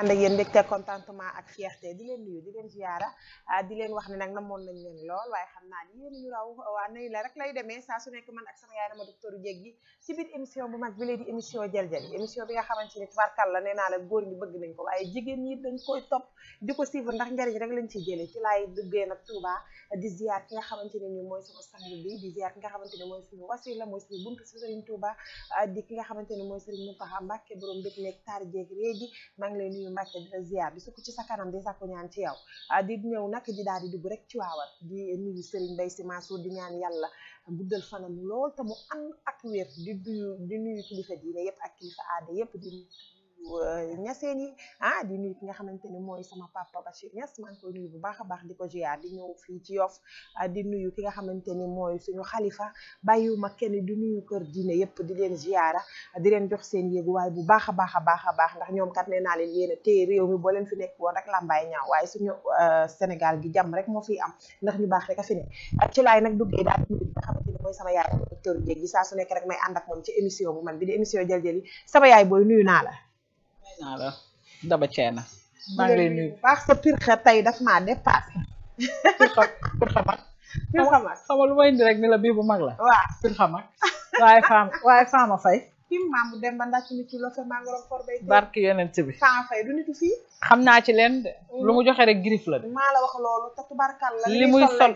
ànd ak yéen mbégte contentement ak fierté di leen nuyu di leen ziyaara ah, di leen wax ne nag namoon nañ lool waaye xam naa ni yéen ñu raw waa nuyu la rek lay demee saa su man ak sama yaay ma docteur Jeeg gi ci émission bu mag bi lay émission Jël Jël émission bi nga xamante ni ko waaye jigéen ñi dañ koy topp di ko ki nga xamante ne ni mooy sama sang bi di ziyaar ki nga xamante ne mooy suñu wasila ah, nuyu Mbàkke di la ziar di sukk ci sa kanam di sakku ñaan ci yow ah, di ñëw nag di daal di dugg rek ci waawar di nuyu Serigne Mbaye Sy Mansour di ñaan yàlla guddal fanam lool te mu an ak weer di nuyu di nuyu kilifa diine yépp ak kilifa aada yépp di ñaseen euh, yi ah di nuyu ki nga xamante ne mooy sama papa Bachir Niass maa ngi koy bu baax a baax di ko jiyaar di ñëw fii ci Yoff ah, di nuyu ki nga xamante ni mooy suñu xalifa bàyyiwuma kenn di nuyu kër diine yépp di leen ziyaara di leen jox seen yéeguwaay bu baax a baax a baax a baax ndax ñoom kat nee naa leen yéen a réew mi boo leen nekk woon rek làmbaay ñaaw waaye suñu euh, Sénégal gi jàmm rek moo fi am ndax ñu baax rek a ak ci laay nag duggee daal di nuyu gi saa su nekk rek may ànd ak moom ci émission bi émission jël jël sama yaay booy nuyu naa la naa la daba ceena maa ngi lay tey daf maa dépassé pir xa pir xa mag pir xa mag la bii bu mag la waaw pir xa mag waaye fay kim maamu dem ba ndax ci bi xam naa ci leen mm. lu mu joxe rek girif la de li muy sol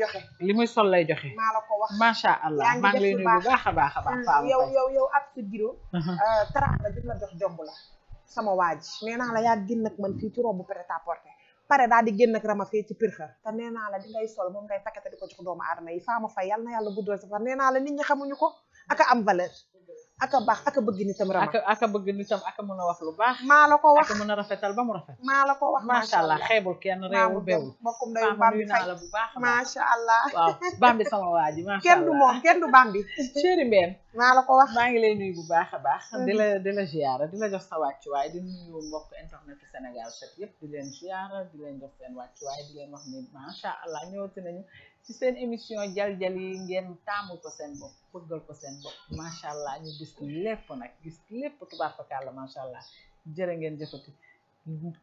li muy sol lay joxe maa la allah maa ngi lay bu baax a baax a baax mm, yow giro uh-huh. euh, tara la jëm la jox jomb la sama waa ji nee naa la yaa génn ak man fii ci robu prêt à porter pare daal di génn ak rama fee ci pirxa te nee naa la di ngay sol moom ngay paqueté di ko jox doomu aadama yi faama fay yàlla na yàlla guddal sa fan nee naa la nit ñi xamuñu ko aka am valeur aka baax aka bëgg nitam rama aka aka bëgg nitam aka mën a wax lu baax maa la ko wax aka mën a rafetal ba mu rafet maa la ko wax macha allah xeebul kenn réewul beewul bokkum day bambi fay la bu baax macha allah waaw bambi sama waa ji macha allah kenn du moom kenn du bambi chéri mbeen maa la ko wax maa ngi lay nuyu bu baax a baax mm-hmm. di la di la ziyaara di la jox sa wàccuwaay di nuyu mbokk internet yëpp di leen ziyaara di leen jox seen wàccuwaay di leen wax macha allah ñëwati nañu ci seen émission jaljal yi ngeen taamul ko seen bopp bëggal ko seen macha allah ñu gis lépp nag gis lépp tubaarfakàlla macha allah jërë ngeen jëfati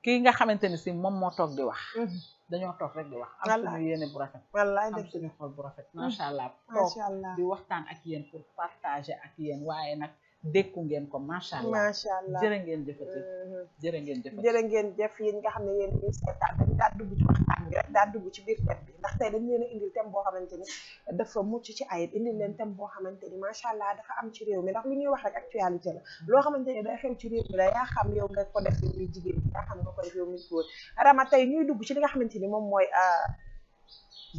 kii nga xamante ni si moom moo toog di wax mm-hmm. dañoo toog rek di wax am suñu yéene bu rafet am suñu xol bu rafet mm-hmm. macha allah toog di waxtaan ak yéen pour partager ak yéen waaye nag dékku ngeen ko macha allah macha allah jërë ngeen jëfati mm-hmm. jërë ngeen jëfati ngeen jëf yéen nga xam ne yéen ñuy seetaan dañu daal dugg ci waxtaan bi rek ci biir thème bi leen a indil thème boo xamante ni dafa mucc ci ay indil leen boo xamante ni macha allah dafa am ci réew mi ndax lu ñuy wax rek actualité la loo xamante ni day xew ci réew mi la yaa xam yow nga ko def yow muy jigéen yaa xam nga ko def yow muy góor rama tey ñuy dugg ci li nga xamante ni moom mooy ah,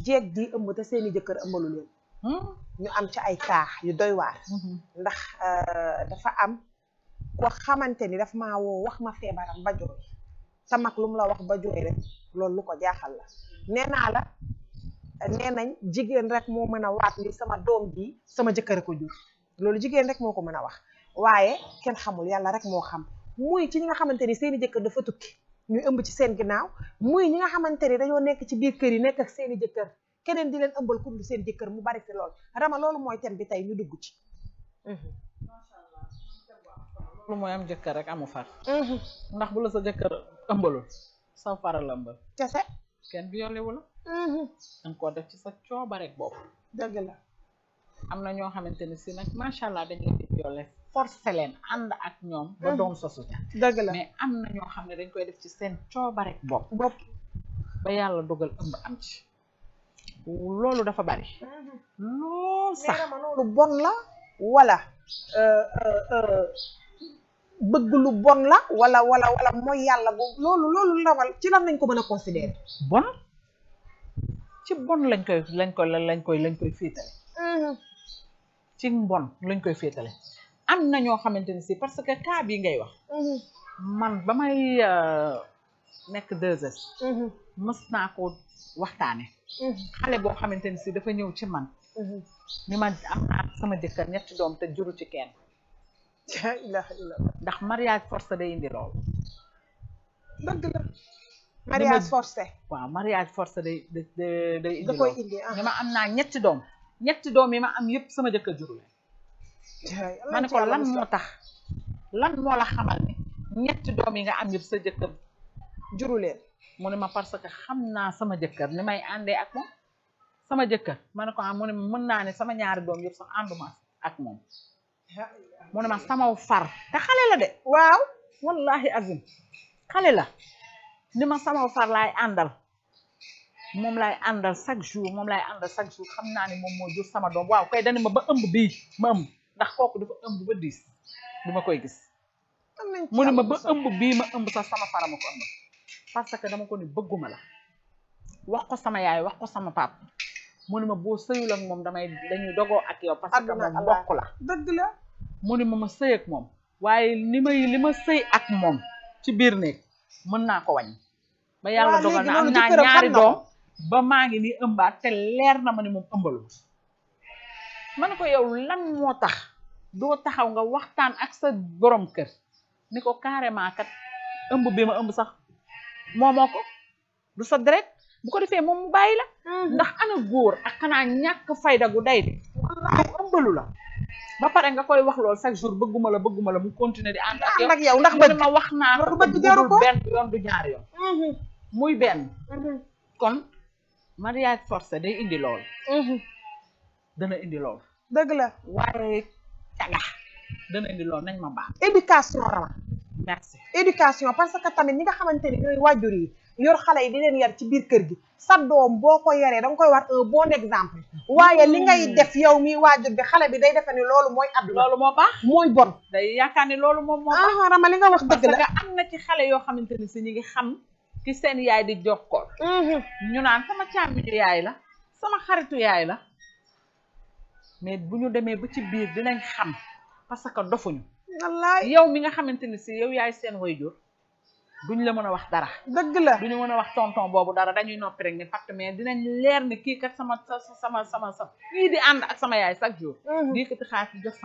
jeeg di ëmb te seeni jëkkër ëmbalu leen Hmm? ñu am ci ay taax yu doy waar hmm. ndax euh, dafa am ko xamante ni dafa ma woo wax ma feebaram ba jooy sa lu mu la wax ba jooy rek loolu lu ko jaaxal la nee naa la nee nañ jigéen rek moo mën a waat ni sama doom bi sama jëkkër ko jur loolu jigéen rek moo ko mën a wax waaye kenn xamul yàlla rek moo xam muy ci ñi nga xamante ni seeni jëkkër dafa tukki ñuy ëmb ci seen ginnaaw muy ñi nga xamante ni dañoo nekk ci biir kër yi nekk ak seeni jëkkër keneen di leen ëmbal kum di seen jëkkër mu bari fi lool rama loolu mooy thème bi tey ñu dugg ci. Mhm. loolu mooy am jëkkër rek amu far. Mhm. ndax bu la sa jëkkër ëmbalul sa faral ëmbal. kese. kenn bi yolewu la. Mhm. danga koo def ci sa coobareeg bopp. dëgg la. am na ñoo xamante ne si nag macha allah dañ leen di violé forcé leen ànd ak ñoom. ba doom sosu ca. dëgg la mais am na ñoo xam ne dañ koy def ci seen coobareeg bopp. bopp ba yàlla dogal ëmb am ci. loolu dafa bari mhm. lool sax lu bon la wala euh, euh, euh, bëgg lu bon la wala wala wala mooy yàlla bu loolu loolu lawal ci lan lañ ko mën a considérer bon ci bon lañ koy lañ koy lañ koy lañ koy féetale mhm. ci mbon lañ koy féetale am na ñoo xamante ni si parce que cas bii ngay wax mhm. man ba may nekk 2S mës naa ko waxtaane xale boo xamante ni si dafa ñëw ci man mm-hmm. ni man am naa sama jëkkër ñetti doom te juru ci kenn ndax mariage force day indi lool mariage forcé waaw mariage force day indi lool ah. ma am naa ñetti doom ñetti doom yi ma am yëpp sama jëkkër juru leen ko lan moo tax lan moo la xamal ne ñetti doom yi nga am yëpp sa jëkkër juru mu ne ma parce que xam naa sama jëkkër ni may àndee ak moom sama jëkkër ma ne ko ah mu ne mën naa ne sama ñaari doom yëpp sax ànduma ak moom mu ne ma samaw far te xale la de waaw wallahi azim xale la ni ma samaw far laay àndal moom laay àndal chaque jour moom laay àndal chaque jour xam naa ne moom moo jur sama doom waaw kay dani ma ba ëmb bii ma ëmb ndax kooku dafa ëmb ba diis bi ma koy gis mu ma ba ëmb bii ma ëmb sax sama fara ma ko parce que dama ko ni bëgguma la wax ko sama yaay wax ko sama pap mu ni ma boo sëyul moom damay dañuy dogoo ak yow parce que moom mbokk la dëgg la mu ma ma sëy ak moom waaye li may li ma sëy ak moom ci biir néeg mën naa ko wàññi ba yàlla dogal na am naa ñaari doom ba maa ngi nii ëmbaat te leer na ma ni moom ëmbalu man ko yow lan moo tax doo taxaw nga waxtaan ak sa boroom kër ni ko carrément kat ëmb bi ma ëmb sax moo ko du sa deret bu ko defee moom mu bàyyi la mhm. ndax ana góor ak xanaa ñàkk fayda gu day de ëmbalu la ba pare nga koy wax lool chaque jour bëgguma la bëgguma mu continuer di ànd ak yow ndax bëgg ma wax naa ko bëggul benn yoon du ñaar yoon mhm. muy benn mhm. kon mariage forcé day indi lool dana indi lool dëgg la waaye caga dana indi lool nañ ma baax éducation la merci éducation parce que tamit ñi nga xamante ni ñooy waajur yi yor xale yi di leen yar ci biir kër gi sa doom boo ko yaree da nga koy war un bon exemple waaye li ngay hmm. def yow mi waajur bi xale bi day defe ni loolu mooy at loolu moo baax mooy bon day yaakaar ni loolu moom moo baax ah, rama li nga wax dëgg la parce am na ci xale yoo xamante ni si ñu ngi xam ki seen yaay di jokkool mm-hmm. ñu naan sama càmmiñu yaay la sama xaritu yaay la mais bu ñu demee ba ci biir dinañ xam parce que dofuñu wallaay yow mi nga xamante ni si yow yaay seen waajur duñ la mën a wax dara dëgg la duñu mën a wax tonton boobu dara dañuy noppi rek ne fatt mais dinañ leer ne kii kat sama sama sama sama kii di ànd ak sama yaay chaque jour mm-hmm. di yëkkati xaalis di jox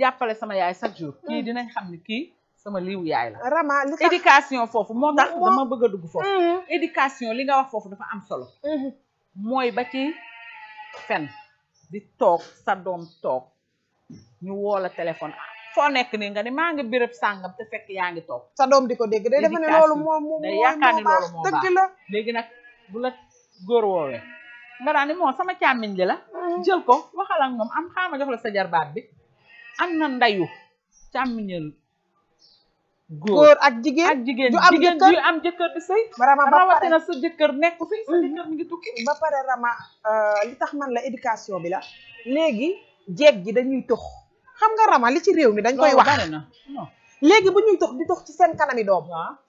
jàppale sama yaay chaque jour mm-hmm. kii dinañ xam ne kii sama liiwu yaay la rama éducation foofu moo tax dama bëgg a dugg foofu mm-hmm. éducation li nga wax foofu dafa am solo mooy ba ci fen di toog sa doom toog ñu woo la téléphone foo nekk nii nga ni maa ngi béréb sàngam te fekk yaa ngi toog sa doom di ko dégg day defe ne loolu moom moom day yaakaar ni loolu moo baax dëgg la léegi nag bu la góor woowee nga daan ni moom sama càmmiñ li la mm. jël ko waxal ak moom am xaama jox la sa jarbaat bi am na ndayu càmmiñal góor ak jigéen ak jigéen jigéen ju am jëkkër di sëy rawatina sa jëkkër nekku fi sa mm. jëkkër mi ngi tukki ba pare rama euh, li tax man la éducation bi la léegi jeeg ji dañuy tux xam nga ramal li ci réew mi dañ koy wax léegi bu ñuy dox di dox ci seen kanami doom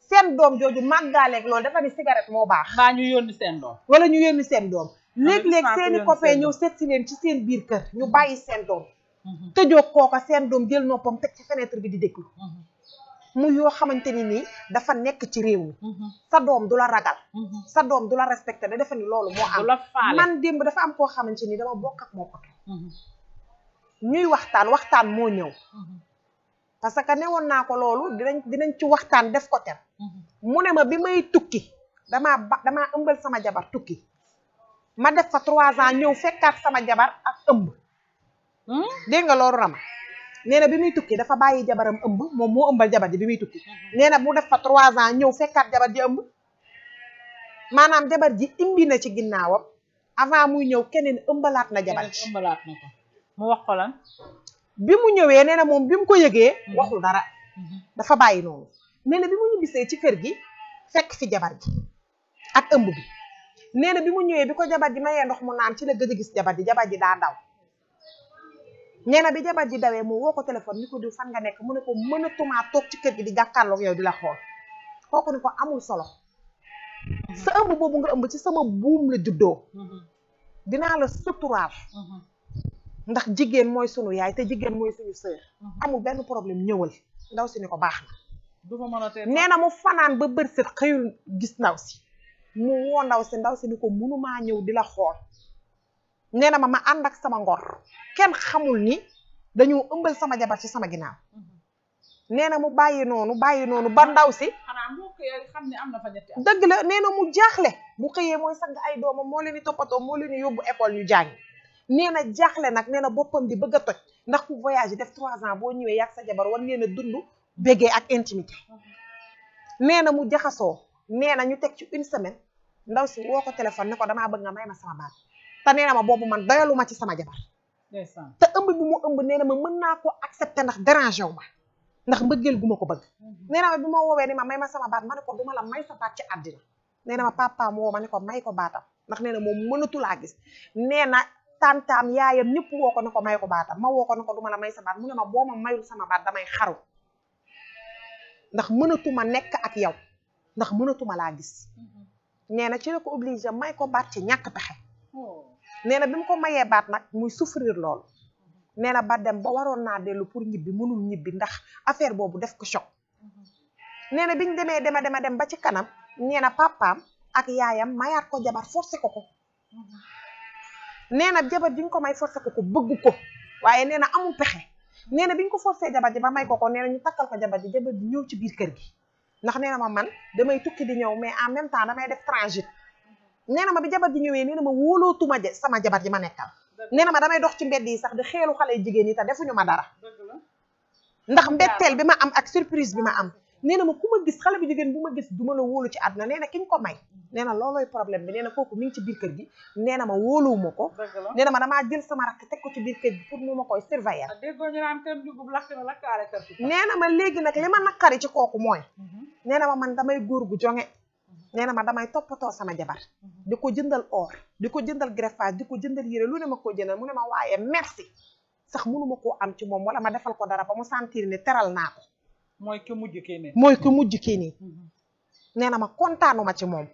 seen doom jooju màggaaleeg loolu dafa ni moo baax baa ñu yónni seen doom wala ñu yónni seen doom léeg-léeg seeni copain ñëw seet leen ci seen biir kër ñu bàyyi seen doom mm-hmm. tëjoo kooka seen doom jël noppam teg ci fenêtre bi di déglu mm-hmm. mu yoo xamante ni nii dafa nekk ci réew mi mm-hmm. sa doom du la ragal sa doom du la respecté da defe ni loolu moo am man démb dafa am koo xamante ni dama bokk ak ñuy waxtaan waxtaan moo ñëw mm-hmm. parce que newoon naa ko loolu dinañ dinañ ci waxtaan def ko ter mm-hmm. mu ne ma bi may tukki dama ba ëmbal sama jabar tukki ma def fa trois ans ñëw fekkaat sama jabar ak ëmb mm-hmm. dégg nga loolu rama nee na bi muy tukki dafa bàyyi jabaram ëmb moom moo ëmbal jabar ji bi muy tukki nee na mu def fa trois ans ñëw fekkaat jabar ji ëmb maanaam jabar ji imbi na ci ginnaawam avant muy ñëw keneen ëmbalaat na jabar ji ko mu wax ko lan bi mu ñëwee nee na moom bi mu ko yëgee mm-hmm. waxul dara mm-hmm. dafa bàyyi noonu nee na bi mu ci kër gi fekk fi jabar ji ak ëmb bi nee bi mu ñëwee bi ko jabar ji mayee ndox mu naan ci la gëj a gis jabar ji jabar ji daa daw nee na bi jabar ji dawee moom woo ko téléphone ni ko diw fan nga nekk mu ne ko mënatumaa toog ci kër gi di jàkkaarloog yow di la xool kooku ni ko amul solo mm-hmm. sa ëmb boobu nga ëmb ci sama buum la juddoo dinaa la suturaal ndax jigéen mooy sunu yaay te jigéen mooy suñu sœur mhm. amul benn problème ñëwal ndaw si ne ko baax na du ma mën nee na mu fanaan ba bër set xëyul gis ndaw si mu woo ndaw si ndaw si ni ko mënumaa ñëw di la xool nee na ma ma ànd ak sama ngor kenn xamul ni dañoo ëmbal sama jabar ci sama ginaam mhm. nee na mu bàyyi noonu bàyyi noonu ba ndaw si xam ne am na fa ñetti dëgg la nee na mu jaaxle mu xëyee mooy sang ay doomam moo leen di toppatoo moo leen yóbbu école ñu jàng nee na jaaxle nag nee boppam bi bëgg a toj ndax ku voyagé def trois ans boo ñëwee yàgg sa jabar war ngeen a dund bégee ak intimité nee na mu jaxasoo nee na ñu teg ci une semaine ndaw si woo ko téléphone ne ko damaa bëgg nga may ma sama baat nee na ma boobu man doyalu ci sama jabar te ëmb bi mu ëmb nee na ma mën naa ko accepter ndax dérangé wu ma ndax mbëggeel gu ma ko bëgg mhm. nee na ma bi ma woowee ni ma may ma sama baat ma ne ko du ma la may sa baat ci àddina nee na ma papa moo ma ne ko may ko baatam ndax nee na moom mënatu laa gis nee na tantaam yaayam ñëpp woo ko na ko may ko baatam ma woo ko na ko du ma la may sa baat mu ne ma boo ma mayul sama baat damay xaru ndax mënatuma nekk ak yow ndax mënatuma laa gis mm-hmm. nee na ci la ko obligé may ko baat ci ñàkk pexe oh. nee na bi mu ko mayee baat nag muy souffrir loolu nee na ba dem ba waroon naa dellu pour ñibbi mënul ñibbi ndax affaire boobu def ko choc mm-hmm. nee na biñ demee dema dema dem ba ci kanam nee na papaam ak yaayam mayaat ko jabar forcé ko ko mm-hmm. nee na jabar ji ñu ko may forcé ko ko bëgg ko waaye nee na amul pexe nee na bi ñu ko forcé jabar ji ba may ko ko nee na ñu takkal ko jabar ji jabar ji ñëw ci biir kër gi ndax nee na ma man damay tukki di ñëw mais en même temps damay def transit nee ma bi jabar ji ñëwee nee na ma wóolootuma je sama jabar ji ma nekkal nee na ma damay dox ci mbedd yi sax di xeelu xale jigéen yi te defuñu ma dara ndax mbetteel bi ma am ak surprise bi ma am nee na ma ku ma gis xale bu jigéen bu ma gis du ma la wóolu ci àdduna nee na ki ñu ko may nee na loolooy problème bi nee na kooku mi ngi ci biir kër gi nee na ma wóoluwuma ko nee na ma damaa jël sama rakk ko ci biir kër gi pour mu ma koy surveiller ah, nee na ma léegi nag li ma naqari ci kooku mooy mhm. nee na ma man damay góor gu jonge mhm. nee na ma damay toppatoo sama jabar mhm. di ko jëndal or di ko jëndal greffage di ko jëndal yére lu ne ma ko jëndal mu ne ma waaye merci sax mënuma koo am ci moom wala ma defal ko dara ba mu sentir ne teral naa mooy ku mujj kii nii mooy ku mujj kii nii mhm. nee na ma ci moom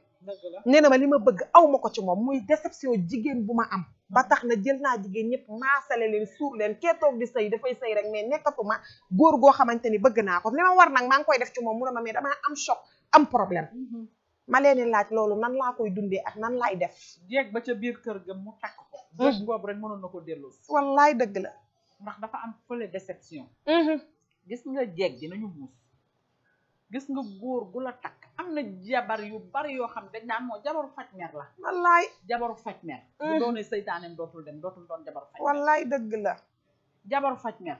nee na ma li ma bëgg aw ma ko ci moom muy déception jigéen bu ma am ba tax na jël naa jigéen ñëpp maasale leen suur leen kee toog di sëy dafay sëy rek mais nekkatuma góor goo xamante ni bëgg naa ko li war nag maa ngi koy def ci moom mu a ma mais damaa am choc am problème mhm. ma leen laaj loolu nan laa koy dundee ak nan laay def jeeg ba ca biir kër ga mu takk ko mhm. boobu rek mënoon na ko delloo wallaay dëgg la ndax dafa am fële déception gis nga jeeg dinañu muus gis nga góor gu la takk am na jabar yu bari yoo xam dañ naan moo jabaru faj mer la wallaay jabaru faj mer bu mm. doonee seytaaneem dootul dootul doon jabaru faj mer dëgg la jabaru faj mer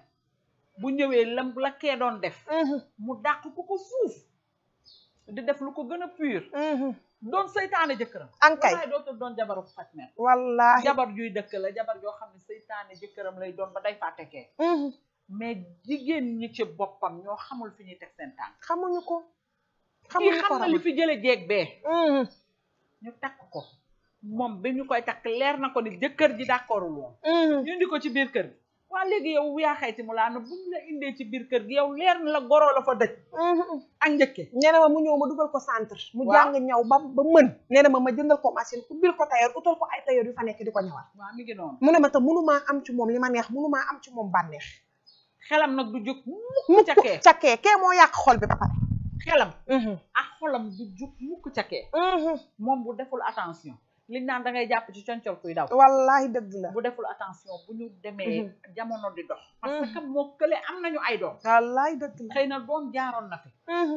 bu ñëwee lam la kee doon def mm-hmm. mu dàq ko ko fuuf di def lu ko gën a pur mm-hmm. doon seytaane jëkkëram ankay wallaay dootul doon jabaru faj mer wallaay jabar juy dëkk la jabar joo xam ne seytaane jëkkëram lay doon ba day fàtte kee mm-hmm. mais jigéen ñi ci boppam ñoo xamul fi ñuy teg seen tànk xamuñu ko xamuñu ko xam na li fi jële jeeg bee mm-hmm. ñu takk ko moom bi ñu koy takk leer na ko ni jëkkër ji d'accordul woon mm-hmm. ñu indi ko ci biir kër gi waa léegi yow yaa xayti mu laana bu ñu la indee ci biir kër gi yow leer na la goroo la fa dëj mm-hmm. ak njëkke nee na mu ñëw ma dugal ko centre mu jàng ñaw ba ba mën nee na ma ma ko machine ku biir ko tailleur utal ko ay tailleur yu fa nekk di ko ñawal waaw mi ngi noonu mu ne ma te mënumaa am ci moom li ma neex mënumaa am ci moom bànneex xelam nag du jóg mukk cakee cakee kee moo yàq xol bi ba pare xelam mm-hmm. ak xolam du jóg mukk cakee mm-hmm. moom bu deful attention liñ naan da ngay jàpp ci concol kuy daw wallahi dëgg la bu deful attention bu ñu demee mm-hmm. jamono di dox parce que moo kële am ay doom wallahi dëgg la xëy na doom jaaroon na fi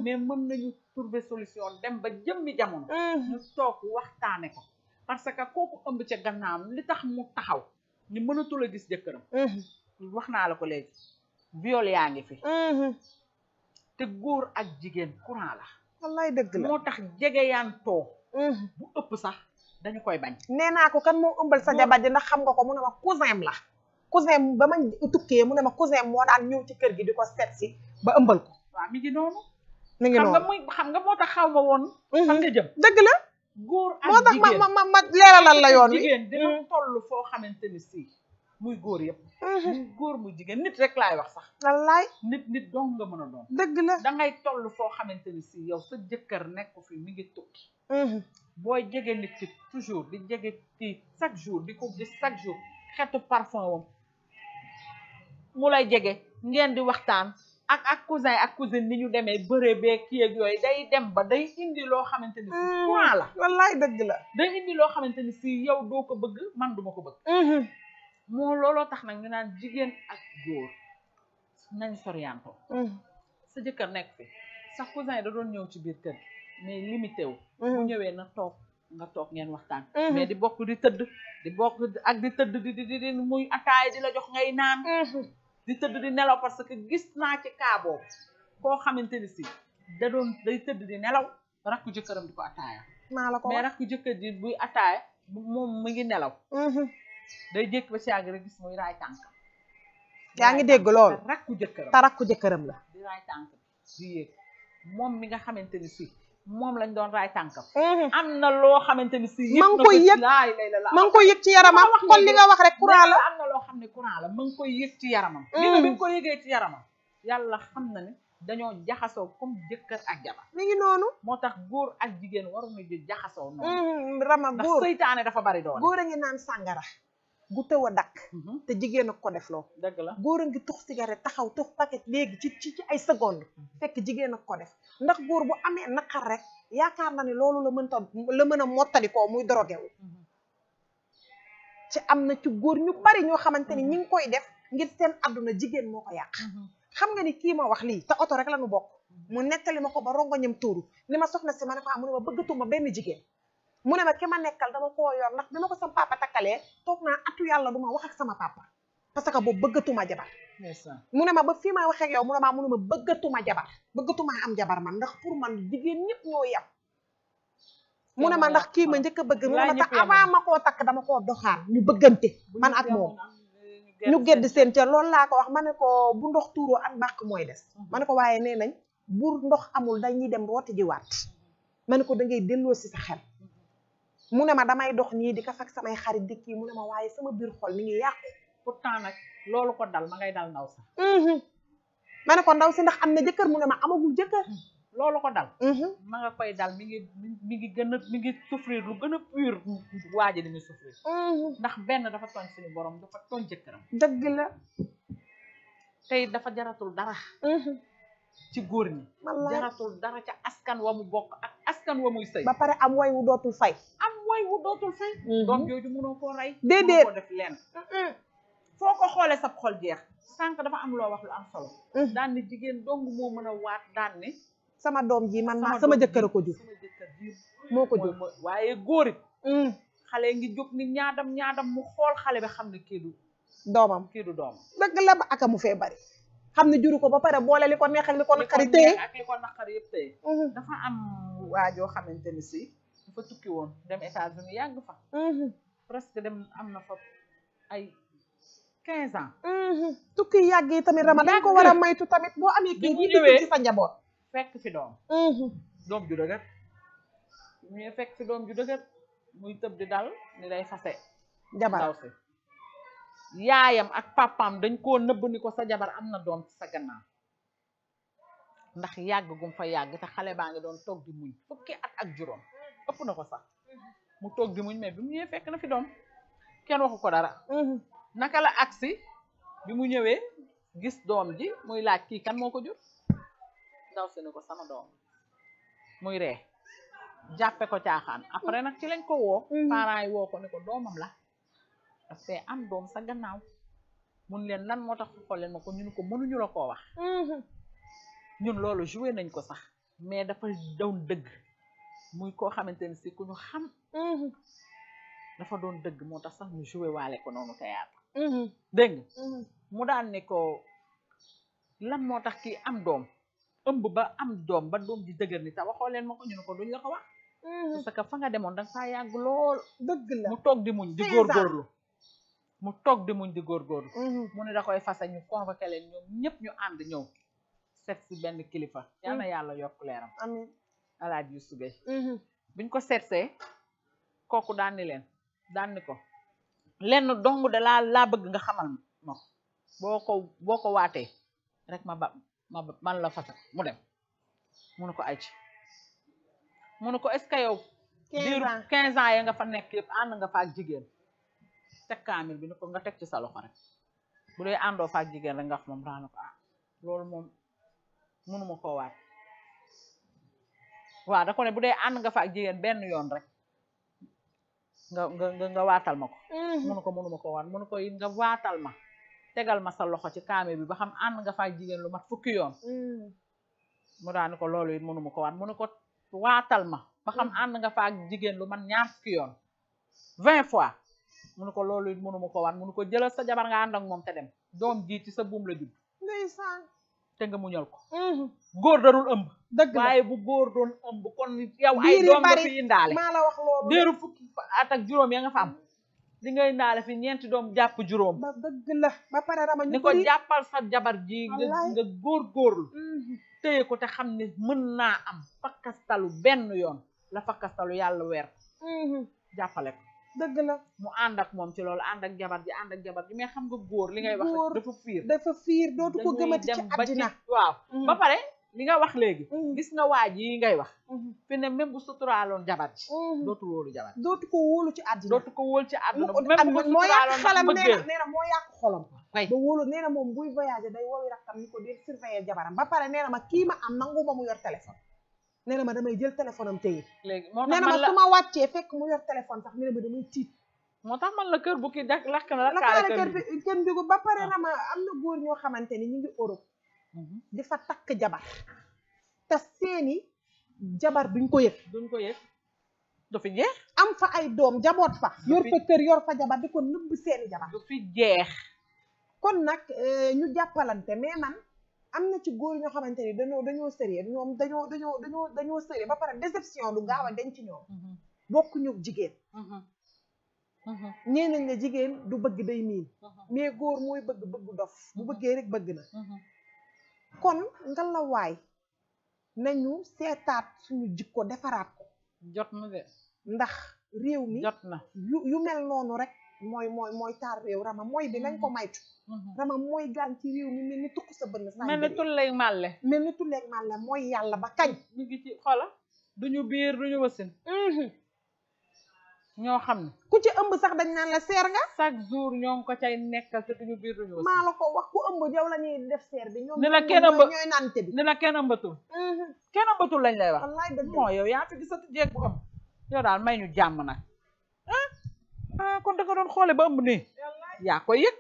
mais mën nañu trouver solution dem ba jëmmi jamono ñu toog waxtaane ko parce que kooku ëmb ca gannaam li tax mu taxaw ni mënatul a gis jëkkëram wax naa la ko léegi viol yaa ngi fi te góor ak jigéen courant la wallaay dëgg la moo tax jegeyantoo bu ëpp sax dañu koy bañ nee naa ko kan moo ëmbal sa jabar ji ndax xam nga ko mu ne ma cousin la cousin ba ma tukkee mu ne ma cousin moo daan ñëw ci kër gi di ko seet si ba ëmbal ko waaw mi ngi noonu mi ngi noonu xam nga moo tax xaw ma woon xam nga jëm dëgg la góor ak jigéen moo tax ma ma ma leeralal la yoon wi jigéen dina toll foo xamante ni si muy góor yëpp mhm. muy góor mu jigéen nit rek laay wax sax wallaay nit nit dong nga mën a doon dëgg la da toll foo xamante ni si yow sa jëkkër nekk fi mi mhm. booy jege nit toujours di jege kii chaque jour di ko gis chaque jour xetu parfum wam mu lay jege ngeen di waxtaan ak ak cousin ak cousine ni ñu demee bëree bee kii yooyu day dem ba day indi loo xamante ni si mhm. point la wallaay dëgg la day indi loo xamante ni si yow doo ko bëgg man du ma ko bëgg moo looloo tax nag ñu naan jigéen ak góor nañ soriyanto mm. sa jëkkër nekk fi sax cousin yi da doon ñëw ci biir kër mais limité wu bu mm. ñëwee na toog nga toog ngeen waxtaan mm-hmm. mais di bokk di tëdd di bokk ak di tëdd di di muy ataay di la jox ngay naan mm-hmm. di tëdd di nelaw parce que gis naa ci kaaboo koo xamante ni si da doon day tëdd di nelaw rakku jëkkëram di ko ataaya mais rakku jëkkër ji buy ataaya moom mu ngi nelaw mm-hmm. day jékk ba si yàgg rek gis muy raay tànkam yaa ngi dégg loolu rakku jëkkëram tarakku jëkkëram la di raay tànkam di yéeg moom mi nga xamante ni si moom lañ doon raay tànkam am na loo xamante ni si ma ngi koy yëg ma ngi koy yëg ci yaramam kon li nga wax rek courant loo xam ne courant la ma ngi koy ci yaramam li nga bi nga koy yëgee ci yaramam yàlla xam na ne dañoo jaxasoo comme jëkkër ak jabar mi ngi noonu moo tax góor ak jigéen waruñu jaxasoo noonu rama góor ndax seytaane dafa bari doole góor a ngi naan sàngara gu tëw a dakk mhm. te jigéen ko def loo dëgg la góor a ngi tux cigarette taxaw tux paquet léegi ci ci ci ay seconde mhm. fekk jigéen ak ko def ndax góor bu amee naqar rek yaakaar na ne loolu la mën la mën a mottalikoo muy drogué wu mhm. ci am na ci góor ñu bari ñoo xamante ni ñi ngi koy def ngir seen àdduna jigéen moo ko yàq xam nga ni kii ma wax lii te oto rek la ñu bokk mu nettali ma ko ba rongoñam tuuru ni ma soxna si ma ne ko ah mu ne ma benn jigéen mu ne ma ki ma nekkal dama koo yor ndax bi ma ko sama papa takkalee toog naa atu yàlla du ma ak sama papa parce que boobu bëggatuma jabar mu ne ma ba fii ma waxee yow mu maa mu ne ma bëggatuma jabar bëggatuma am jabar man ndax pour man jigéen ñëpp ñoo yem mu ne ma ndax kii ma njëkk bëgg mu ma tax avant ma koo takk dama koo doxaan ñu bëggante man ak moom ñu gedd seen ca loolu laa ko wax ma ne ko bu ndox tuuroo ak mbàq mooy des mhm. ma ne ko waaye nee nañ bu ndox amul dañuy dem rooti ji waat ma ne ko da ngay delloo si sa xel mu ne ma damay dox nii di ka fekk samay xarit di kii mu ne ma waaye sama biir xol mi ngi yàqu. pourtant nag loolu ko dal ma ngay dal ndaw si. Mm-hmm. ma ne ko ndaw si ndax am na jëkkër mu ne ma amagul jëkkër. Mm-hmm. loolu ko dal. Mm-hmm. ma nga koy dal mi ngi mi ngi gën a lu gën a pur waa ji li muy souffrir. ndax benn dafa tooñ suñu borom dafa tooñ jëkkëram. dëgg la. tey dafa jaratul dara. ci góor ñi jaratul dara ca askan wa mu bokk ak askan wa muy sëy ba pare am way wu dootul fay am way wu dootul fay mhm. doom jooju mënoo koo rey déedéet ko def leen foo ko xoolee sab xol jeex sànq dafa am loo wax lu am solo mhm. daan jigéen dong moo mën a waat daan ni sama doom ji man naa sama jëkkër a ko jur sama jëkkër moo ko jur waaye góorit mhm. xale ngi jóg ni ñaadam ñaadam mu xool xale bi xam ne kii du doomam kii du doomam la ba aka mu fee bari xam ne juru ko ba pare boole li ko neex ak li ko naqari téye ak li ko naqari yëpp téye mhm. dafa am waajoo xamante ni si dafa tukki woon dem états yàgg fa mhm. presque dem am na fa ay quinze ans mhm. tukki yàgg yi tamit rama dañ ko war a maytu tamit boo amee kii ñi tukki ci sa njaboot fekk fi doom doom ju dëgër ñu fekk fi doom ju dëgër muy tëb di dal ni day fase jabar yaayam ak papaam dañ koo nëbb ni ko sa jabar am na doom ci sa gannaaw ndax yàgg gum fa yàgg te xale baa ngi doon toog di muñ fukki at ak juróom ëpp na ko sax mu togg di muñ mais bi mu ñëwee fekk na fi doom kenn waxu ko dara mhm. naka la agsi bi mu ñëwee gis doom ji muy laaj kii kan moo ko jur ndaw si ni ko sama doom muy ree jàppe ko caaxaan après nag ci lañ ko woo mhm. parents yi woo ko ni ko doomam la daf fee am doom sa gannaaw mun leen lan moo tax xool leen ma ko ñun ko mënuñu la koo wax mm-hmm. loolu joué nañ ko sax mais dafa doon dëgg muy koo xamante ni si ku ñu xam mm-hmm. dafa doon dëgg moo tax sax ñu joué waale ko noonu théâtre mm-hmm. mu daan ne ko lan moo tax kii am doom ëmb ba am doom ba doom di dëgër ni tax waxoo leen ma ko ko duñ la ko wax sa que fa nga demoon danga faa yàgg lool dëgg la mu toog di muñ di góorgóorlu mu toog di muñ di góorgóorlu mm-hmm. mu ne da koy fase ñu convoqué leen ñëpp ñu ànd ñëw seet si benn kilifa mm-hmm. yal na yàlla yokk leeram amiin alaaj Youssou Gueye mm-hmm. buñ ko seetsee kooku daan leen daan ko lenn dong de laa laa bëgg nga xamal ma ko boo ko boo ko waatee rek ma man la fase mu dem mu ne ko ay mu ne ko est que yow diiru quinze ans ya nga fa nekk yëpp ànd nga fa jigéen teg kaamil bi ni ko nga teg ci sa loxo rek bu dee àndoo faak jigéen rek nga wax moom daana ko ah loolu moom mënuma koo waat waaw da ko ne bu dee ànd nga faak benn yoon rek nga nga waatal ma ko mënu mm-hmm. ko mënuma koo waat mënu ko it nga waatal ma tegal ma sa loxo ci kaamil bi ba xam ànd nga faak jigéen lu mat fukki yoon mm-hmm. mu daani ko loolu it mënuma ko waat mënu ko waatal ma ba xam mm-hmm. ànd nga faak jigéen lu mat ñaar fukki yoon vingt fois mun ne ko loolu it mënuma ko waan mu ne ko jëlal sa jabar nga ànd ak moom te dem doom ji ci sa buum la jub ndeysaan te nga muñal ko mhm. góor daru ëmb dëgg la waaye bu góor doon ëmb kon yow ay doom nga fi indaale maa la fukki at juróom ya nga fa am li nga indaale fi ñeenti doom jàpp juróom ba dëgg la ba pare rama ni ko jàppal sa jabar ji nga nga góor góorlu mhm. téye ko te xam ne mën naa am fakkastalu benn yoon la fakkastalu yàlla weer mhm. jàppale ko dëgg la mu ànd ak moom ci loolu ànd ak jabar ji ànd ak jabar ji mais xam nga góor li ngay wax dafa fiir dafa fiir dootu ko gëmati ci àddina waaw mm. ba pare li nga wax léegi mm. gis nga waaj yi ngay wax mm-hmm. fi ne même bu suturaaloon jabar ji mm-hmm. dootu wóolu jabar dootu ko wóolu ci àddina dootu ko wóolu ci àddina même bu moo yàq xalam nee na nee na moo yàq xolam ba wóolu nee na moom buy voyager day woowi rakkam ni ko dee surveiller jabaram ba pare nee na ma kii ma am nangu ma mu yor téléphone nee ma damay jël téléphone am téye. léegi moo tax man ma su wàccee fekk mu yor téléphone sax nee na ma damay tiit. moo tax man la kër bu kii dakk lakk na la kaale kër bi kër ba pare ah. rama am na góor ñoo xamante ni ñu ngi Europe. Mhm. di fa takk jabar. te seeni jabar buñ ko yëg. duñ ko yëg. du fi am fa ay doom jaboot fa. yor fa kër yor fa jabar di ko nëbb seeni jabar. du fi jeex. kon nag eh, ñu jàppalante mais man. am na ci góor ñoo xamante ni dañoo dañoo sérieux ñoom dañoo dañoo dañoo dañoo sérieux ba pare déception du gaaw a denc ñoom mm-hmm. bokkuñu jigéen mm-hmm. Mm-hmm. nee nañ la jigéen du bëgg day miin mais góor mooy bëgg bëgg dof bu bëggee rek bëgg na kon nga la nañu seetaat suñu jikko defaraat ko jot na de ndax réew mi jot na yu yu mel noonu rek mooy mooy mooy taar réew rama mooy bi nañ ko mm-hmm. maytu mm-hmm. rama mooy gaan ci réew mi mel ni tukk sa bënn saa mel ni tulleeg màlle mel ni tulleeg màlle mooy yàlla ba kañ ñu ngi ci xoola duñu biir duñu wasin mm-hmm. ñoo xam ne ku ci ëmb sax dañ naan la seer nga chaque jour ñoo ngi ko cay nekkal te duñu biir duñu wasin maa la ko wax ku ëmb yow la ñuy def seer bi ñoom ni la kenn ëmb ñooy naante bi ni la kenn ëmbatul kenn ëmbatul lañ lay wax wallaay dëgg moo yow yaa fi gisatu jeeg bu ëmb yow daal may ah kon da nga doon xoole ba ëmb nii yaa koy yëg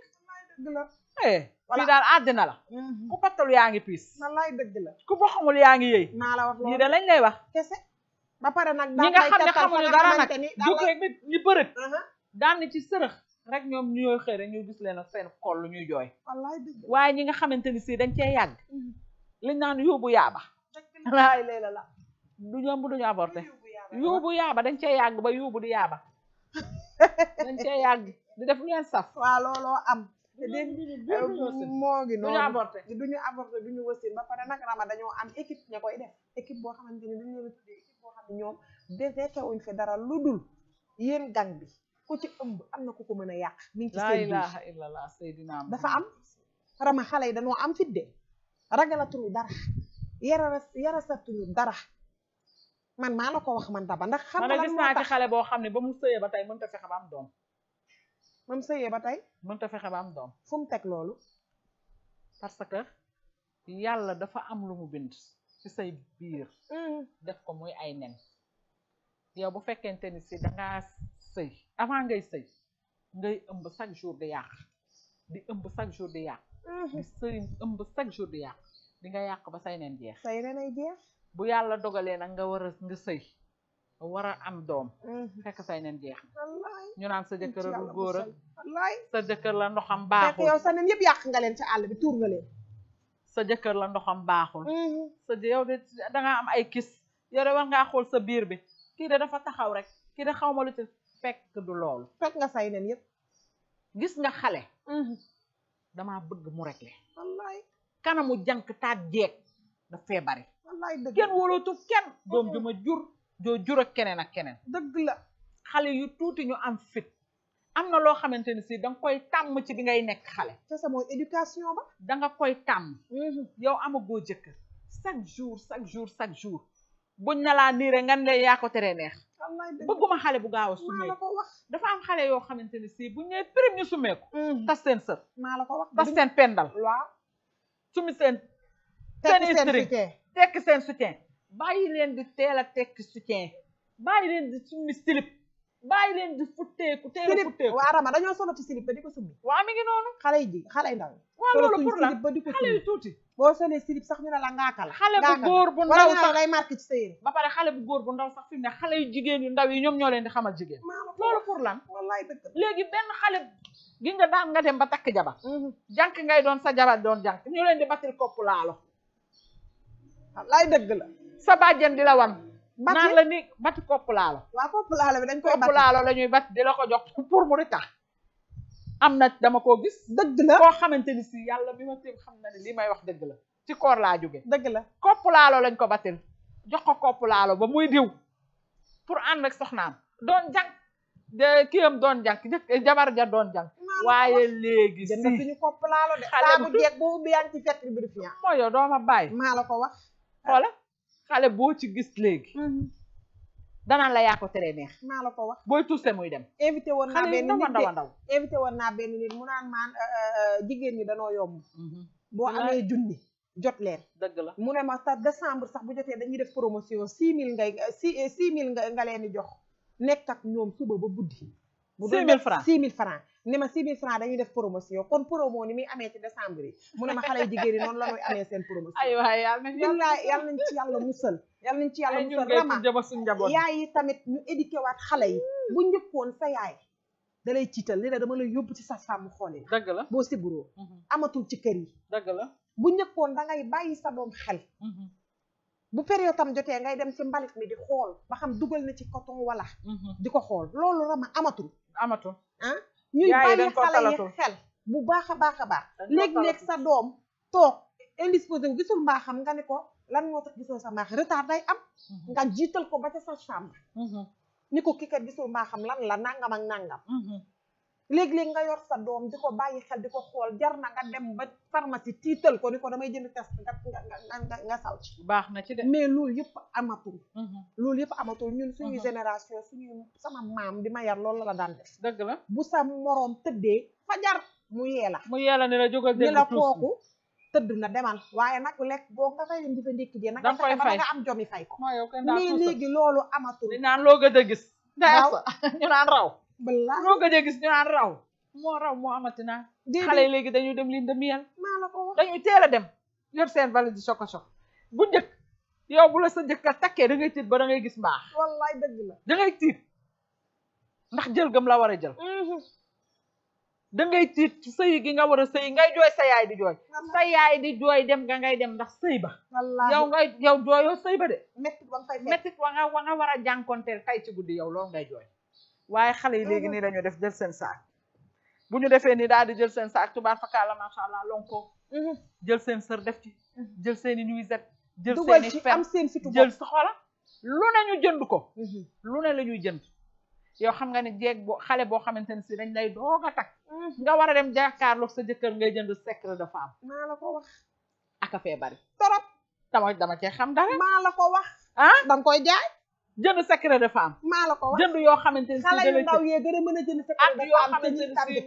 eh, fii daal àddina la mhm. ku battalu yaa ngi piis wallaay dëgg la ku bo xamul yaa ngi yëy naa la wax loolu da lañ lay wax kese ba pare nag ñi nga xam ne xamuñu dara nag jukkee nit ñi bërët uh-huh. daan ni ci sërëx rek ñoom ñooy xëy rek ñu gis leen ak seen xol lu ñuy jooy wallaay dëgg waaye ñi nga xamante ni si dañ cee yàgg mhm. liñ naan yóbbu yaaba laay léeg la la du ñoom bu duñu avorté yóbbu yaaba dañ cee yàgg ba yóbbu di yaaba dañ cee yàgg di def lu leen saf waaw looloo am moogi dégg moo ngi noonu du ñu avorté du ñu wasin ba pare nag rama dañoo am équipe ña koy def équipe boo xamante ne dañu leen tuddee équipe ñoom defekke wuñ fi dara lu dul yéen gang bi ku ci ëmb am na ku ko mën a yàq mi ngi ci seen dafa am rama xale yi dañoo am fit de ragalatuñu dara yara yarasatuñu dara man maa la ko wax man daba ndax. xam nga lan moo gis naa ci xale boo xam ne ba mu sëyee ba tey mënut a fexe am doom. ba mu ba tey. mënut a fexe ba am doom. fu mu teg loolu. parce que yàlla dafa am lu mu bind. ci say biir. Mm. def ko muy ay nen. yow bu fekkente ni si dangaa sëy avant ngay sëy ngay ëmb chaque jour di yàq di ëmb chaque jour di yàq. Mm-hmm. di sëy ëmb chaque jour di yàq di yàq ba say nen jeex. say nen ay jeex. bu yàlla dogalee nag nga war a nga sëy war a am doom mm. fekk say nen jeex ñu naan sa jëkkër a du góor sa jëkkër la ndoxam baaxul fekk sa nen yëpp yàq nga leen ca àll bi tuur sa jëkkër la ndoxam baaxul mm-hmm. sa yow am ay kis yow de war ngaa xool sa biir bi kii de dafa taxaw rek kii de xaw ma lu ci fekk du loolu fekk nga say nen yëpp gis nga xale mm-hmm. damaa bëgg mu rek le kanamu jank taat jeeg daf fee bari wallaay dëgg kenn wóolootu kenn doom mm-hmm. ju ma jur joo jur ak keneen ak keneen dëgg la xale yu tuuti ñu am fit am na loo xamante ni si da koy tàmm ci bi ngay nekk xale te sa mooy ba da koy tàmm mm-hmm. yow amagoo jëkkër chaque jour chaque jour chaque jour buñ na laa niire nga ne yaa ko teree neex bëgguma xale bu gaaw a sumeeku dafa am xale yoo xamante ni si buñ ñëwee prime ñu sumeeku mm-hmm. tas seen sër la ko wax tas seen pendal waaw seen history tekki seen soutien bàyyi leen di teel a tekki soutien bàyyi leen di summi silip bàyyi leen di futteeku teel a futteeku waa rama dañoo solo ci silip ba di ko summi waa mi ngi noonu xale yi ji xale yi ndaw waaw loolu pour la silip tuuti boo solee silip sax ñu ne la ngaaka la xale bu góor bu ndaw wala sax lay marqué ci ba pare xale bu góor bu ndaw sax fi mu xale yu jigéen yu ndaw yi ñoom ñoo leen di xama jigéen loolu pour lan wallaay dëgg léegi benn xale gi nga daan nga dem ba takk jabar mhm. jànk ngay doon sa jabar doon jànk ñu leen di battil kopp laalo wallaay dëgg la sa bàjjen di la wan naan la ni bati kopp laalo waaw kopp laalo bi dañ koy kopp laalo la ñuy bat di la ko jox pour mu ritax am na dama koo gis dëgg la koo xamante ni si yàlla bi ma tim xam na ne li may wax dëgg la ci koor laa jóge dëgg la kopp laalo lañ ko batil jox ko kopp laalo ba muy diw pour ànd ak soxnaam doon jànk kiyam doon jànk jabar ja doon jànk waaye léegi si jënd suñu kopp laalo de xale bu mooy yow doo ma la ko wax xoola xale boo ci gis léegi mm-hmm. danaa la yaa ko teree neex maa la ko wax booy tuuse muy dem invité woon naa benn nit ndaw ndaw invité woon naa benn nit mu naan maan euh, euh, jigéen ñi danoo yomb mm-hmm. boo amee junni jot leen dëgg la mu ne ma sa décembre sax bu jotee dañuy def promotion six mille ngay six mille nga leen di jox nekk ak ñoom suba ba buddi bu doon six mille francs six mille francs ni ma six mille francs def promotion kon promo ni muy amee ci décembre yi mu ne ma xale jigéen yi noonu la ñuy amee seen promotion ay waay yàlla nañ ci yaay yi tamit ñu éduqué waat xale yi mm. bu njëkkoon sa yaay da lay ciital ni la dama lay yóbbu ci sa sàmm xool yi dëgg la boo siburoo mm-hmm. amatul ci kër yi dëgg la bu njëkkoon da ngay bàyyi sa doom xel mm-hmm. bu période tam jotee ngay dem ci mbalit mi di xool ba xam dugal na ci coton walla mm-hmm. di ko xool loolu rama amatul amatul ah? ñuy bàyyi xale yi xel bu baax a baax a baax léeg-léeg sa doom toog indisposé wu gisul xam nga ne ko lan moo tax gisoo sa mbaax retard day am mhm. nga jiital ko ba ca sa chambre mhm. ni ko kii kat gisul mbaaxam lan la nangam ak nangam mhm. léegi léeg nga yor sa doom di ko bàyyi xel di ko xool jar na nga dem ba pharmacie tiital ko ni ko damay jënd test nga nga nga nga sal baax na ci de loolu yëpp amatul mhm. loolu yëpp amatul ñun suñuy mhm. génération suñuy sama maam bi ma yar loolu la la daan def dëgg la bu sa moroom tëddee fajar mu yeela mu yeela ni la jógal ni la kooku tëdd na demal waaye nag lekk boo nga fay leen di fa ndékki dee nag nga ba nga am fay ko mais léegi loolu amatul naan loo gëj a gis ñu naan raw balaa moo gëj a gis ñu naan raw moo raw moo amati naa xale léegi dañuy dem li ndëm yel maa la ko dañuy teel dem yor seen valise di soko sok bu njëkk yow bu la sa jëkkër takkee da ngay tiit ba da ngay gis mbaax wallaay dëgg la da ngay tiit ndax jël gëm la war a jël mhm. da ngay tiit ci sëy gi nga war a sëy ngay jooy sa yaay di jooy sa yaay di jooy dem nga ngay dem ndax sëy ba yow ngay yow jooyoo sëy ba de méttit wa nga war a jànkonteel kay ci guddi yow loo ngay jooy waaye xale yi léegi mhm. nii dañu def jël seen saak bu ñu defee nii daal di jël seen sa saak tubaar fakkaala macha allah lonko mhm. jël seen sër def ci mhm. jël seeni i nuisette jël seen i fer am seen fitu jël si xoola lu ne ñu jënd ko lu ne la ñuy jënd yow xam nga ne jeeg bo xale boo xamante ne si dañ lay doog a takk nga war a dem jàkkaarloog sa jëkkër ngay jënd secret de femme maa la ko wax aka fee bari torop dama dama cee xam dara maa la ko wax ah danga koy jaay jënd secret de femme. maa la ko wax jënd yoo xamante ne si. xale yu mën a jënd secret de femme te ñuy tardé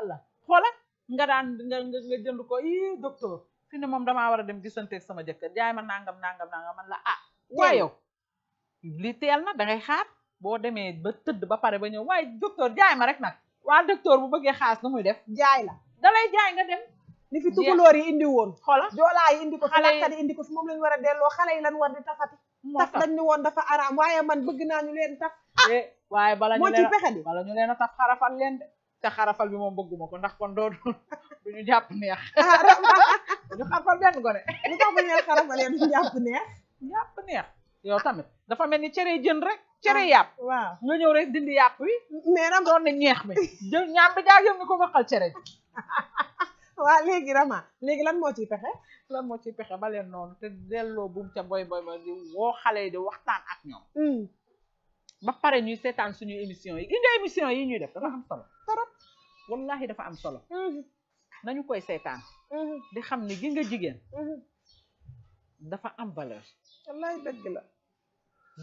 allah. xoola nga daan nga nga jënd ko ii docteur fi ne moom damaa war a dem gisanteek sama jëkkër jaay ma nangam nangam nangam man la ah. waaye yow li teel na da xaar boo demee ba tëdd ba pare ba ñëw waaye docteur jaay ma rek nag waa docteur bu bëggee xaas nu muy def. jaay la dalay jaay nga dem. ni fi tukulóor yi indi woon. xoola joolaa yi indi ko. yi indi ko fi moom lañ war a delloo xale yi lan war di tafati tax dañ ñu woon dafa araam waaye man bëgg naa ñu leen tax ah! eh, waaye bala ñu leen pexe di bala ñu leen a tax xarafal leen de te xarafal bi moom bëgguma ko ndax kon doodu ñu jàpp neex ah, ñu xarafal benn gone lu tax bu ñu leen xarafalee du ñu jàpp neex jàpp neex yow tamit dafa mel ni cere jën rek ah, cere yàpp waaw nga ñëw rek dindi yàpp wi mais ram doon ñeex mi jël ñaam bi jaa yëm ni ko waxal cere ji waaw léegi rama léegi lan moo ci pexe lan moo ci pexe ba leen noonu te delloo buum ca boy boy boy di woo xale yi di waxtaan ak ñoom mm. ba pare ñuy seetaan suñu émission yi gis ñuy def dafa am solo trop wallahi dafa am solo mm-hmm. nañu koy seetaan mm-hmm. di xam ni gi nga jigéen mm-hmm. dafa am valeur wallahi dëgg la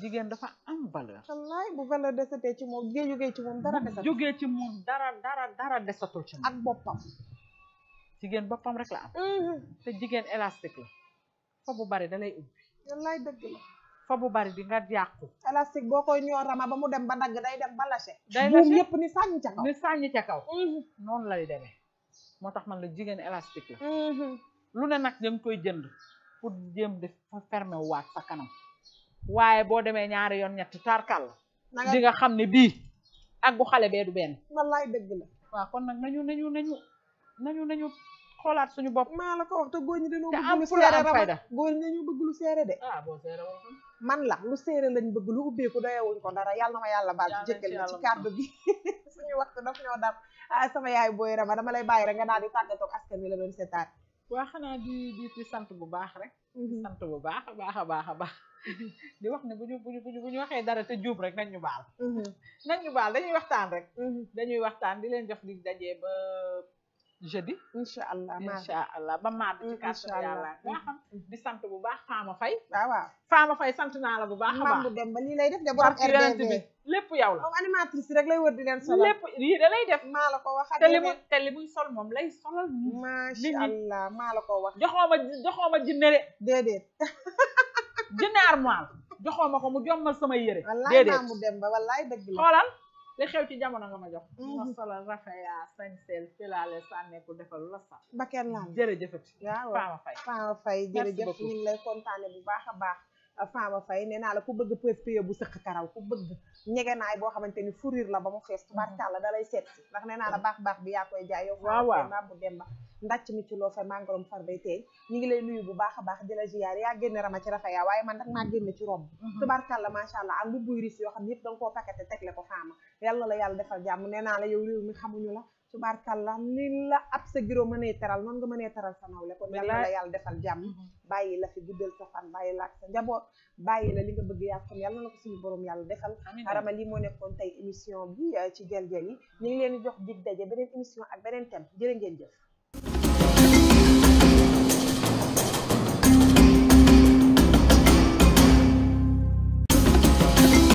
jigéen dafa am valeur wallahi bu valeur desatee ci moom jógee ci moom dara desatul jógee ci moom dara dara dara desatul ci moom ak boppam jigéen boppam rek la am mm-hmm. te jigéen élastique la fa bu bari da lay ubbi wallaay bu bari di nga yàqu élastique boo koy ñoo rama ba mu dem ba dagg day dem ba lâché day lâché yëpp ni sàññ ca kaw ni mm-hmm. lay demee moo tax man la jigéen élastique la mm-hmm. lu ne nag dañ koy jënd pour jëm di fermé waat sa kanam waaye boo demee ñaari yoon ñetti tarkal la di nga xam ne bii ak bu xale bee du benn wallaay dëgg la waaw kon nag nañu nañu nañu nañu nañu xoolaat suñu bopp. maa la ko wax te góor ñi dañoo bëgg lu seere rabat góor ñi dañoo bëgg lu seere de. ah boo seere man la lu seere lañ bëgg lu ubbeeku wuñ ko dara yàlla na ma yàlla baal ci jëkkal ci kàddu gi suñu waxtu daf ñoo dam ah sama yaay booy rama dama lay bàyyi rek nga daal di tàggatoo ak askan wi la doon seetaan waa xanaa di di di sant bu baax rek mhm. sant bu baax a baax a baax a baax di wax ne bu ñu bu ñu bu ñu waxee dara te juub rek nañ ñu baal mhm. nañ ñu baal dañuy waxtaan rek mhm. dañuy waxtaan di leen di dajee ba jeudi. incha allah incha allah ba maat ci mm, kàttan yàlla nga xam mm-hmm. di sant bu baax Fama Faye ah, waaw waaw Fama Faye sant naa la bu baax a baax bu dem ba lii lay def de borom RDV lépp yow la moom animatrice rek lay wër di leen solal lépp lii da lay def maa la ko wax te li mu te li muy sol moom lay solal macha allah maa la ko wax joxoo ma joxoo ma jinne de déedéet jinne armoire joxoo ma ko mu jommal sama yëre déedéet wallaay mu dem ba wallaay dëgg la xoolal li xew ci jamono nga ma jox. Mhm. nga solal rafeyaa sañseel filaale sànneeku defal la sa sax. bakkeer laam jërëjëfati. waaw Fama Faye Fama Faye jërëjëf ñu ngi lay kontaane bu baax a baax. Fama Faye nee naa la ku bëgg presse bu sëq karaw ku bëgg ñegenaay boo xamante ni furir la ba mu fees mhm. tubaarkàlla da lay seet ndax nee naa la baax baax bi yaa koy jaay yow. waaw waaw bu demba ndàcc mi ci loo fa mangorom far bay teey ñu ngi lay nuyu bu baax a baax di la ziyaar yaa génne rama ci rafeyaa waaye man nag maa génne ci romb mm-hmm. tubaarkàlla macha allah ak bu buy ris yoo xam ne danga koo paqueté tegle ko faama yàlla la yàlla defal jàmm nee naa la yow réew mi xamuñu la tubaarkàlla ni teral noonu nga mënee teral sa nawle yàlla la jàmm mm-hmm. bàyyi la fi guddal sa fan bàyyi la ak sa njaboot bàyyi la li nga bëgg yàgg kon yàlla na ko suñu borom yàlla defal arama li moo nekkoon tey émission bi eh, ci gel gel yi ñu leen jox dig daje beneen ak beneen thème jërë ngeen jëf